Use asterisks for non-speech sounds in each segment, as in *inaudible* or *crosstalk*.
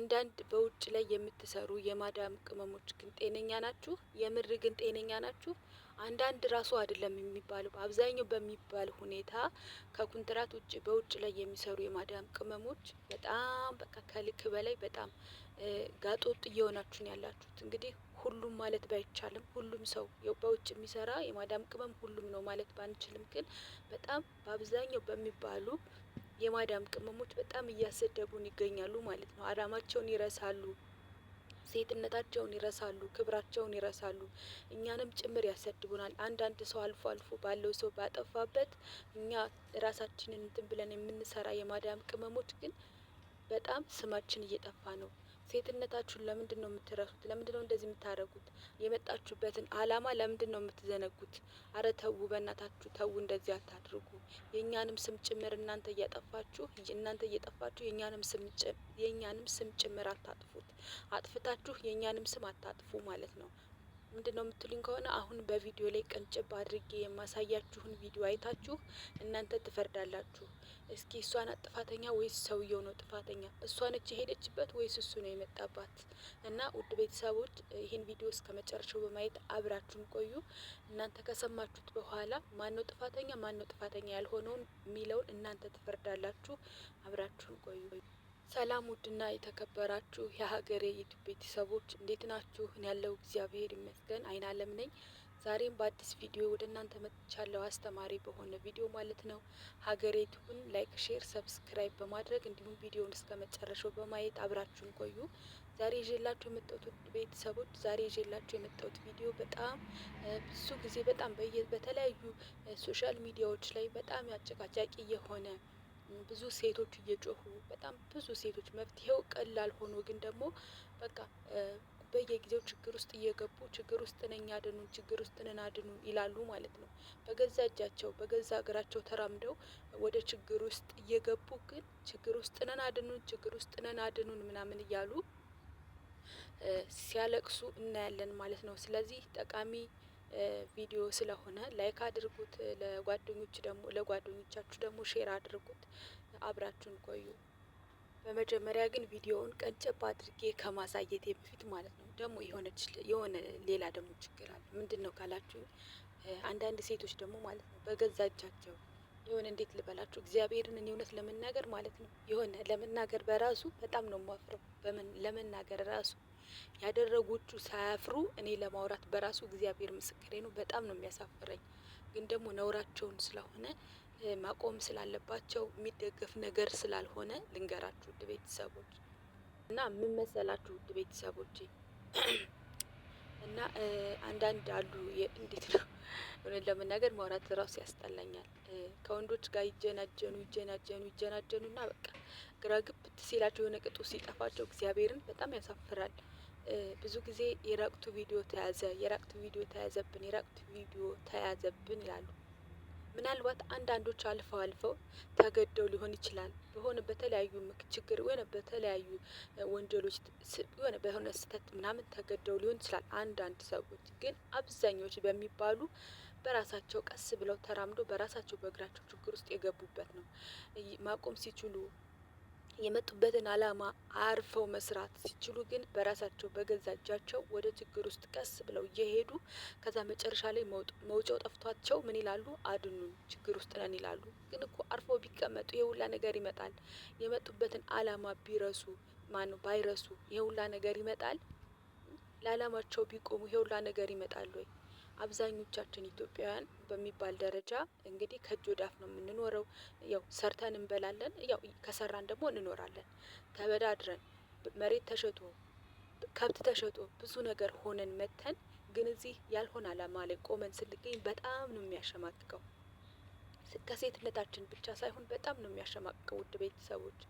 አንዳንድ በውጭ ላይ የምትሰሩ የማዳም ቅመሞች ግን ጤነኛ ናችሁ? የምር ግን ጤነኛ ናችሁ? አንዳንድ ራሱ አይደለም የሚባለው አብዛኛው በሚባል ሁኔታ ከኮንትራት ውጭ በውጭ ላይ የሚሰሩ የማዳም ቅመሞች በጣም በቃ ከልክ በላይ በጣም ጋጦጥ እየሆናችሁን ያላችሁት። እንግዲህ ሁሉም ማለት ባይቻልም ሁሉም ሰው በውጭ የሚሰራ የማዳም ቅመም ሁሉም ነው ማለት ባንችልም፣ ግን በጣም በአብዛኛው በሚባሉ የማዳም ቅመሞች በጣም እያሰደቡን ይገኛሉ ማለት ነው። አዳማቸውን ይረሳሉ፣ ሴትነታቸውን ይረሳሉ፣ ክብራቸውን ይረሳሉ። እኛንም ጭምር ያሰድቡናል። አንዳንድ ሰው አልፎ አልፎ ባለው ሰው ባጠፋበት እኛ ራሳችንን እንትን ብለን የምንሰራ የማዳም ቅመሞች ግን በጣም ስማችን እየጠፋ ነው። ሴትነታችሁን ለምንድን ነው የምትረሱት? ለምንድን ነው እንደዚህ የምታደርጉት? የመጣችሁበትን አላማ ለምንድን ነው የምትዘነጉት? አረ ተዉ፣ በእናታችሁ ተዉ፣ እንደዚህ አታድርጉ። የእኛንም ስም ጭምር እናንተ እያጠፋችሁ እናንተ እየጠፋችሁ የእኛንም ስም የእኛንም ስም ጭምር አታጥፉት። አጥፍታችሁ የእኛንም ስም አታጥፉ ማለት ነው። ምንድን ነው የምትሉኝ ከሆነ አሁን በቪዲዮ ላይ ቀንጭብ አድርጌ የማሳያችሁን ቪዲዮ አይታችሁ እናንተ ትፈርዳላችሁ። እስኪ እሷ ናት ጥፋተኛ ወይስ ሰውየው ነው ጥፋተኛ? እሷ ነች የሄደችበት ወይስ እሱ ነው የመጣባት? እና ውድ ቤተሰቦች ይህን ቪዲዮ እስከ መጨረሻው በማየት አብራችሁን ቆዩ። እናንተ ከሰማችሁት በኋላ ነው ጥፋተኛ ነው ጥፋተኛ ያልሆነውን የሚለውን እናንተ ትፈርዳላችሁ። አብራችሁን ቆዩ። ሰላም ውድና የተከበራችሁ የሀገሬ ዩቱብ ቤተሰቦች እንዴት ናችሁ? ያለው እግዚአብሔር ይመስገን አይናለም ነኝ። ዛሬም በአዲስ ቪዲዮ ወደ እናንተ መጥቻለሁ። አስተማሪ በሆነ ቪዲዮ ማለት ነው። ሀገሬቱን ላይክ፣ ሼር፣ ሰብስክራይብ በማድረግ እንዲሁም ቪዲዮውን እስከ መጨረሻው በማየት አብራችሁን ቆዩ። ዛሬ ይዤላችሁ የመጣሁት ቤተሰቦች፣ ዛሬ ይዤላችሁ የመጣሁት ቪዲዮ በጣም ብዙ ጊዜ በጣም በተለያዩ ሶሻል ሚዲያዎች ላይ በጣም አጨቃጫቂ የሆነ ብዙ ሴቶች እየጮሁ በጣም ብዙ ሴቶች መፍትሄው ቀላል ሆኖ ግን ደግሞ በቃ በየጊዜው ችግር ውስጥ እየገቡ ችግር ውስጥ ነኝ አድኑን፣ ችግር ውስጥ ነን አድኑን ይላሉ ማለት ነው። በገዛ እጃቸው በገዛ እግራቸው ተራምደው ወደ ችግር ውስጥ እየገቡ ግን ችግር ውስጥ ነን አድኑን፣ ችግር ውስጥ ነን አድኑን ምናምን እያሉ ሲያለቅሱ እናያለን ማለት ነው። ስለዚህ ጠቃሚ ቪዲዮ ስለሆነ ላይክ አድርጉት። ለጓደኞች ደግሞ ለጓደኞቻችሁ ደግሞ ሼር አድርጉት። አብራችሁን ቆዩ። በመጀመሪያ ግን ቪዲዮውን ቀንጨብ አድርጌ ከማሳየቴ በፊት ማለት ነው ደግሞ የሆነች የሆነ ሌላ ደግሞ ችግር አለ። ምንድን ነው ካላችሁ አንዳንድ ሴቶች ደግሞ ማለት ነው በገዛ እጃቸው የሆነ እንዴት ልበላችሁ እግዚአብሔርን እኔ እውነት ለመናገር ማለት ነው የሆነ ለመናገር በራሱ በጣም ነው የማፍረው። ለመናገር ራሱ ያደረጉቹ ሳያፍሩ እኔ ለማውራት በራሱ እግዚአብሔር ምስክሬ ነው በጣም ነው የሚያሳፍረኝ። ግን ደግሞ ነውራቸውን ስለሆነ ማቆም ስላለባቸው የሚደገፍ ነገር ስላልሆነ ልንገራችሁ ውድ ቤተሰቦች እና ምን መሰላችሁ ውድ ቤተሰቦች *clears throat* እና አንዳንድ አሉ እንዴት ነው ሆነ ለመናገር ማውራት ራሱ ያስጠላኛል። ከወንዶች ጋር ይጀናጀኑ ይጀናጀኑ ይጀናጀኑ እና በቃ ግራ ግብት ሲላቸው የሆነ ቅጡ ሲጠፋቸው እግዚአብሔርን በጣም ያሳፍራል። ብዙ ጊዜ የራቁቱ ቪዲዮ ተያዘ፣ የራቁቱ ቪዲዮ ተያዘብን፣ የራቁቱ ቪዲዮ ተያዘብን ይላሉ። ምናልባት አንዳንዶች አልፈው አልፈው ተገደው ሊሆን ይችላል በሆነ በተለያዩ ችግር ወይ በተለያዩ ወንጀሎች የሆነ በሆነ ስህተት ምናምን ተገደው ሊሆን ይችላል። አንዳንድ ሰዎች ግን አብዛኞች በሚባሉ በራሳቸው ቀስ ብለው ተራምዶ በራሳቸው በእግራቸው ችግር ውስጥ የገቡበት ነው። ማቆም ሲችሉ የመጡበትን ዓላማ አርፈው መስራት ሲችሉ ግን በራሳቸው በገዛ እጃቸው ወደ ችግር ውስጥ ቀስ ብለው እየሄዱ ከዛ መጨረሻ ላይ መውጫው ጠፍቷቸው ምን ይላሉ? አድኑን፣ ችግር ውስጥ ነን ይላሉ። ግን እኮ አርፈው ቢቀመጡ ይሄ ነገር ይመጣል። የመጡበትን ዓላማ ቢረሱ ማን ባይረሱ ይሄ ነገር ይመጣል። ለዓላማቸው ቢቆሙ ይሄ ነገር ይመጣል ወይ? አብዛኞቻችን ኢትዮጵያውያን በሚባል ደረጃ እንግዲህ ከእጅ ወዳፍ ነው የምንኖረው። ያው ሰርተን እንበላለን፣ ያው ከሰራን ደግሞ እንኖራለን። ተበዳድረን መሬት ተሸጦ ከብት ተሸጦ ብዙ ነገር ሆነን መጥተን ግን እዚህ ያልሆነ አላማ ላይ ቆመን ስንገኝ በጣም ነው የሚያሸማቅቀው። ከሴትነታችን ብቻ ሳይሆን በጣም ነው የሚያሸማቅቀው። ውድ ቤተሰቦች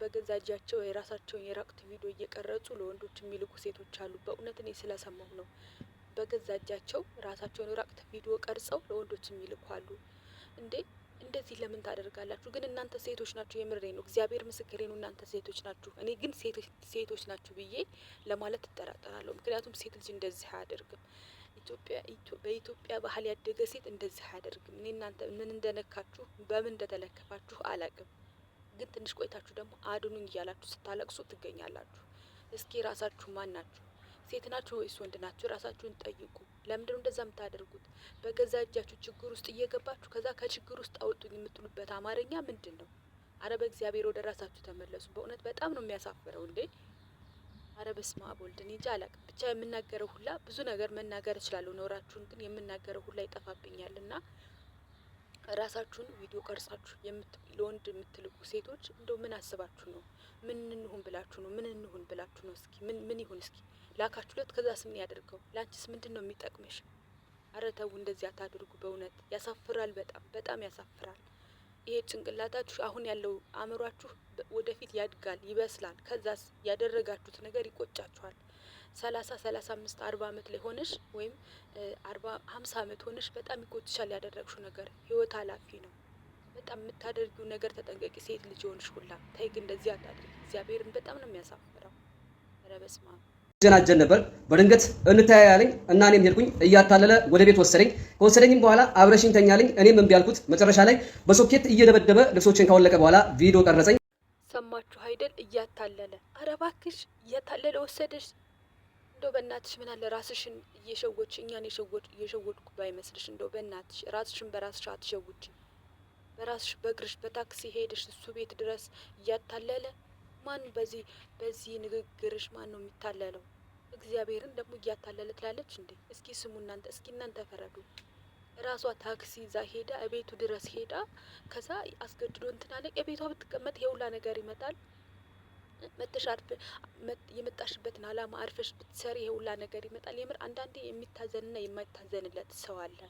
በገዛ እጃቸው የራሳቸውን የራቁት ቪዲዮ እየቀረጹ ለወንዶች የሚልኩ ሴቶች አሉ። በእውነት እኔ ስለሰማሁ ነው። በገዛ እጃቸው ራሳቸውን ራቅት ቪዲዮ ቀርጸው ለወንዶች የሚልኳሉ። እንዴ እንደዚህ ለምን ታደርጋላችሁ? ግን እናንተ ሴቶች ናችሁ። የምሬ ነው፣ እግዚአብሔር ምስክሬ ነው። እናንተ ሴቶች ናችሁ። እኔ ግን ሴቶች ናችሁ ብዬ ለማለት እጠራጠራለሁ። ምክንያቱም ሴት ልጅ እንደዚህ አያደርግም። ኢትዮጵያ በኢትዮጵያ ባህል ያደገ ሴት እንደዚህ አያደርግም። እኔ እናንተ ምን እንደነካችሁ በምን እንደተለከፋችሁ አላቅም። ግን ትንሽ ቆይታችሁ ደግሞ አድኑኝ እያላችሁ ስታለቅሱ ትገኛላችሁ። እስኪ ራሳችሁ ማን ናችሁ? ሴት ናችሁ ወይስ ወንድ ናችሁ? ራሳችሁን ጠይቁ። ለምንድነው እንደዛ የምታደርጉት? በገዛ እጃችሁ ችግር ውስጥ እየገባችሁ ከዛ ከችግር ውስጥ አውጡኝ የምትሉበት አማርኛ ምንድን ነው? አረ በእግዚአብሔር ወደ ራሳችሁ ተመለሱ። በእውነት በጣም ነው የሚያሳፍረው እንዴ! አረ በስመ አብ ወልድ፣ እኔ እንጃ አላቅም። ብቻ የምናገረው ሁላ ብዙ ነገር መናገር እችላለሁ። ኖራችሁን ግን የምናገረው ሁላ ይጠፋብኛል እና ራሳችሁን ቪዲዮ ቀርጻችሁ ለወንድ የምትልቁ ሴቶች እንደው ምን አስባችሁ ነው? ምን እንሁን ብላችሁ ነው? ምን እንሁን ብላችሁ ነው? እስኪ ምን ምን ይሁን እስኪ ለት ከዛስ ምን ያደርገው? ለአንቺስ ምንድን ነው የሚጠቅምሽ? አረ ተው፣ እንደዚህ አታድርጉ። በእውነት ያሳፍራል፣ በጣም በጣም ያሳፍራል። ይሄ ጭንቅላታችሁ አሁን ያለው አእምሯችሁ ወደፊት ያድጋል፣ ይበስላል። ከዛስ ያደረጋችሁት ነገር ይቆጫችኋል። ሰላሳ ሰላሳ አምስት አርባ አመት ላይ ሆነሽ ወይም ሀምሳ ዓመት ሆነሽ በጣም ይጎትሻል ያደረግሽው ነገር። ህይወት አላፊ ነው። በጣም የምታደርጊው ነገር ተጠንቀቂ። ሴት ልጅ ሆንሽ ሁላ ተይ፣ ግን እንደዚህ አታድርጊ። እግዚአብሔርን በጣም ነው የሚያሳፍረው። ኧረ በስመ አብ። ነበር። በድንገት እንታያያለኝ እና እኔም ሄድኩኝ። እያታለለ ወደ ቤት ወሰደኝ። ከወሰደኝም በኋላ አብረሽኝ ተኛለኝ። እኔም እምቢ አልኩት። መጨረሻ ላይ በሶኬት እየደበደበ ልብሶችን ካወለቀ በኋላ ቪዲዮ ቀረጸኝ። ሰማችሁ አይደል? እያታለለ። አረባክሽ፣ እያታለለ ወሰደሽ እንደው በእናትሽ ምን አለ ራስሽን እየሸወች እኛን የሸወች እየሸወድኩ ባይመስልሽ እንደው በእናትሽ ራስሽን በራስሽ አትሸውች። በራስሽ በእግርሽ በታክሲ ሄደሽ እሱ ቤት ድረስ እያታለለ ማን በዚህ በዚህ ንግግርሽ ማን ነው የሚታለለው? እግዚአብሔርን ደግሞ እያታለለ ትላለች እንዴ! እስኪ ስሙ እናንተ እስኪ እናንተ ፈረዱ። ራሷ ታክሲ ይዛ ሄዳ እቤቱ ድረስ ሄዳ ከዛ አስገድዶ እንትን አለ። የቤቷ ብትቀመጥ የውላ ነገር ይመጣል። የመጣሽበትን አላማ አርፈሽ ብትሰሪ ይሄ ሁላ ነገር ይመጣል። የምር አንዳንዴ የሚታዘንና የማይታዘንለት ሰው አለ።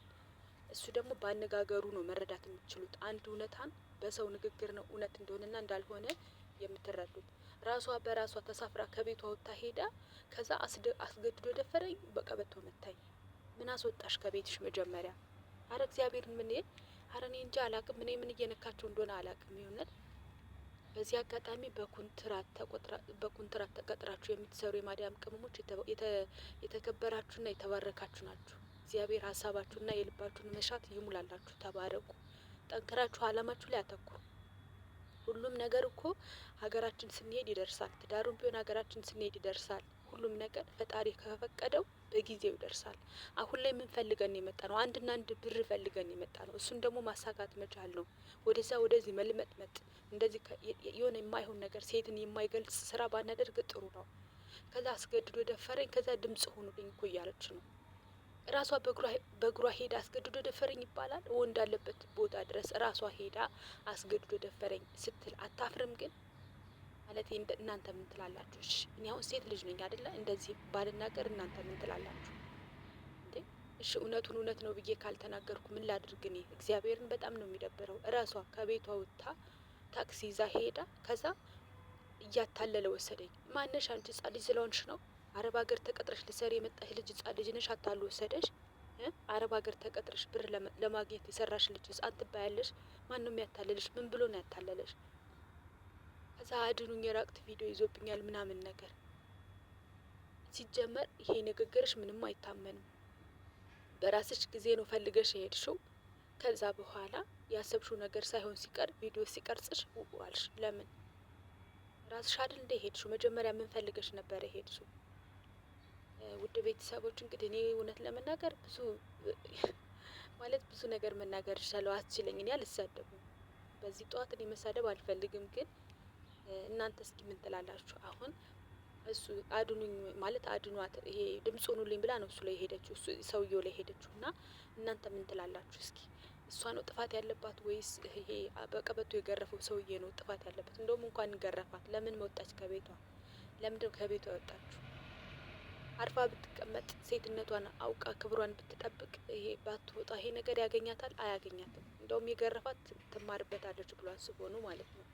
እሱ ደግሞ በአነጋገሩ ነው መረዳት የምትችሉት። አንድ እውነታን በሰው ንግግር ነው እውነት እንደሆነና እንዳልሆነ የምትረዱት። ራሷ በራሷ ተሳፍራ ከቤቷ ወጥታ ሄዳ ከዛ አስገድዶ ደፈረኝ በቀበቶ መታኝ። ምን አስወጣሽ ከቤትሽ መጀመሪያ? አረ እግዚአብሔር ምን አረ እኔ እንጂ አላቅም። እኔ ምን እየነካቸው እንደሆነ አላቅም ይሁነት በዚህ አጋጣሚ በኮንትራት ተቀጥራችሁ የምትሰሩ የማዳም ቅመሞች የተከበራችሁና የተባረካችሁ ናችሁ። እግዚአብሔር ሀሳባችሁና የልባችሁን መሻት ይሙላላችሁ። ተባረቁ ጠንክራችሁ አላማችሁ ላይ አተኩሩ። ሁሉም ነገር እኮ ሀገራችን ስንሄድ ይደርሳል። ትዳሩም ቢሆን ሀገራችን ስንሄድ ይደርሳል። ሁሉም ነገር ፈጣሪ ከፈቀደው በጊዜው ይደርሳል። አሁን ላይ ምን ፈልገን የመጣ ነው? አንድና አንድ ብር ፈልገን የመጣ ነው። እሱን ደግሞ ማሳካት መቻል ነው። ወደዛ ወደዚህ መልመጥመጥ፣ እንደዚህ የሆነ የማይሆን ነገር፣ ሴትን የማይገልጽ ስራ ባናደርግ ጥሩ ነው። ከዛ አስገድዶ ደፈረኝ፣ ከዛ ድምጽ ሆኑልኝ እኮ እያለች ነው። ራሷ በእግሯ ሄዳ አስገድዶ ደፈረኝ ይባላል። ወንድ አለበት ቦታ ድረስ ራሷ ሄዳ አስገድዶ ደፈረኝ ስትል አታፍርም? ግን ማለት እናንተ ምን ትላላችሁ? እሺ እኔ አሁን ሴት ልጅ ነኝ አደለ? እንደዚህ ባልናገር እናንተ ምን ትላላችሁ? እንዴ እሺ እውነቱን እውነት ነው ብዬ ካልተናገርኩ ምን ላድርግ እኔ? እግዚአብሔርን በጣም ነው የሚደብረው። ራሷ ከቤቷ ውታ ታክሲ ይዛ ሄዳ ከዛ እያታለለ ወሰደኝ። ማነሽ አንቺ ጻ ልጅ ስለሆንሽ ነው አረብ ሀገር ተቀጥረሽ ልሰሪ የመጣሽ ልጅ ህጻን ልጅ ነሽ፣ አታሉ ወሰደሽ። አረብ ሀገር ተቀጥረሽ ብር ለማግኘት የሰራሽ ልጅ ህጻን ትባያለሽ። ማን ያታለልሽ ምን ብሎ ነው ያታለለሽ? ከዛ አድኑኝ የራቅት ቪዲዮ ይዞብኛል ምናምን ነገር። ሲጀመር ይሄ ንግግርሽ ምንም አይታመንም። በራስሽ ጊዜ ነው ፈልገሽ የሄድሽው። ከዛ በኋላ ያሰብሽው ነገር ሳይሆን ሲቀር ቪዲዮ ሲቀርጽሽ ውዋልሽ። ለምን ራስሽ አይደል እንደ ሄድሽው? መጀመሪያ ምን ፈልገሽ ነበር የሄድሽው? ውድ ቤተሰቦች እንግዲህ እኔ እውነት ለመናገር ብዙ *laughs* ማለት ብዙ ነገር መናገር ይሻለው አትችለኝ። እኔ አልሳደብም። በዚህ ጠዋት እኔ መሳደብ አልፈልግም፣ ግን እናንተ እስኪ ምን ትላላችሁ? አሁን እሱ አድኑኝ ማለት አድኗት፣ ይሄ ድምፅ ሆኑልኝ ብላ ነው እሱ ላይ ሄደችው፣ እሱ ሰውየው ላይ ሄደችው እና እናንተ ምን ትላላችሁ? እስኪ እሷ ነው ጥፋት ያለባት ወይስ ይሄ በቀበቶ የገረፈው ሰውዬ ነው ጥፋት ያለበት? እንደውም እንኳን ገረፋት። ለምን መወጣች ከቤቷ? ለምንድን ከቤቷ ወጣችሁ? አርፋ ብትቀመጥ ሴትነቷን አውቃ ክብሯን ብትጠብቅ ይሄ ባትወጣ ይሄ ነገር ያገኛታል አያገኛትም። እንደውም የገረፋት ትማርበታለች ብሎ አስቦ ነው ማለት ነው።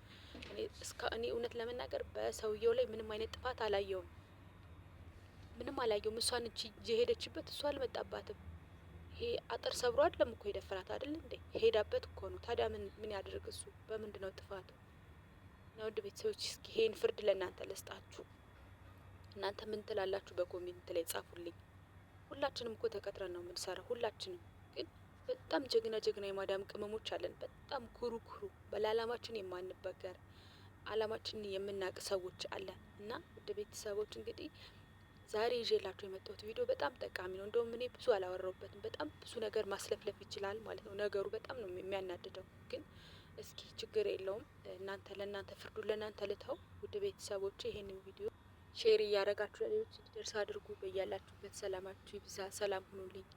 እኔ እስከ እኔ እውነት ለመናገር በሰውየው ላይ ምንም አይነት ጥፋት አላየውም፣ ምንም አላየውም። እሷን እቺ የሄደችበት እሷ አልመጣባትም። ይሄ አጥር ሰብሮ አይደለም እኮ የደፈራት አይደል እንዴ? ሄዳበት እኮ ነው። ታዲያ ምን ምን ያደርግ እሱ? በምንድን ነው ጥፋቱ? ውድ ቤተሰቦች እስኪ ይሄን ፍርድ ለእናንተ ልስጣችሁ። እናንተ ምን ትላላችሁ? በኮሜንት ላይ ጻፉልኝ። ሁላችንም እኮ ተቀጥረን ነው የምንሰራው። ሁላችንም ግን በጣም ጀግና ጀግና የማዳም ቅመሞች አለን። በጣም ኩሩ ኩሩ በለዓላማችን የማንበገር አላማችን የምናውቅ ሰዎች አለን እና ውድ ቤተሰቦች እንግዲህ ዛሬ ይዤላችሁ የመጣሁት ቪዲዮ በጣም ጠቃሚ ነው። እንደውም እኔ ብዙ አላወራሁበትም። በጣም ብዙ ነገር ማስለፍለፍ ይችላል ማለት ነው። ነገሩ በጣም ነው የሚያናድደው፣ ግን እስኪ ችግር የለውም። እናንተ ለእናንተ ፍርዱ ለእናንተ ልተው። ውድ ቤተሰቦች ይሄንን ቪዲዮ ሼር እያደረጋችሁ ለሌሎች እንዲደርስ አድርጉ። በያላችሁበት ሰላማችሁ ይብዛ። ሰላም ሁኑልኝ።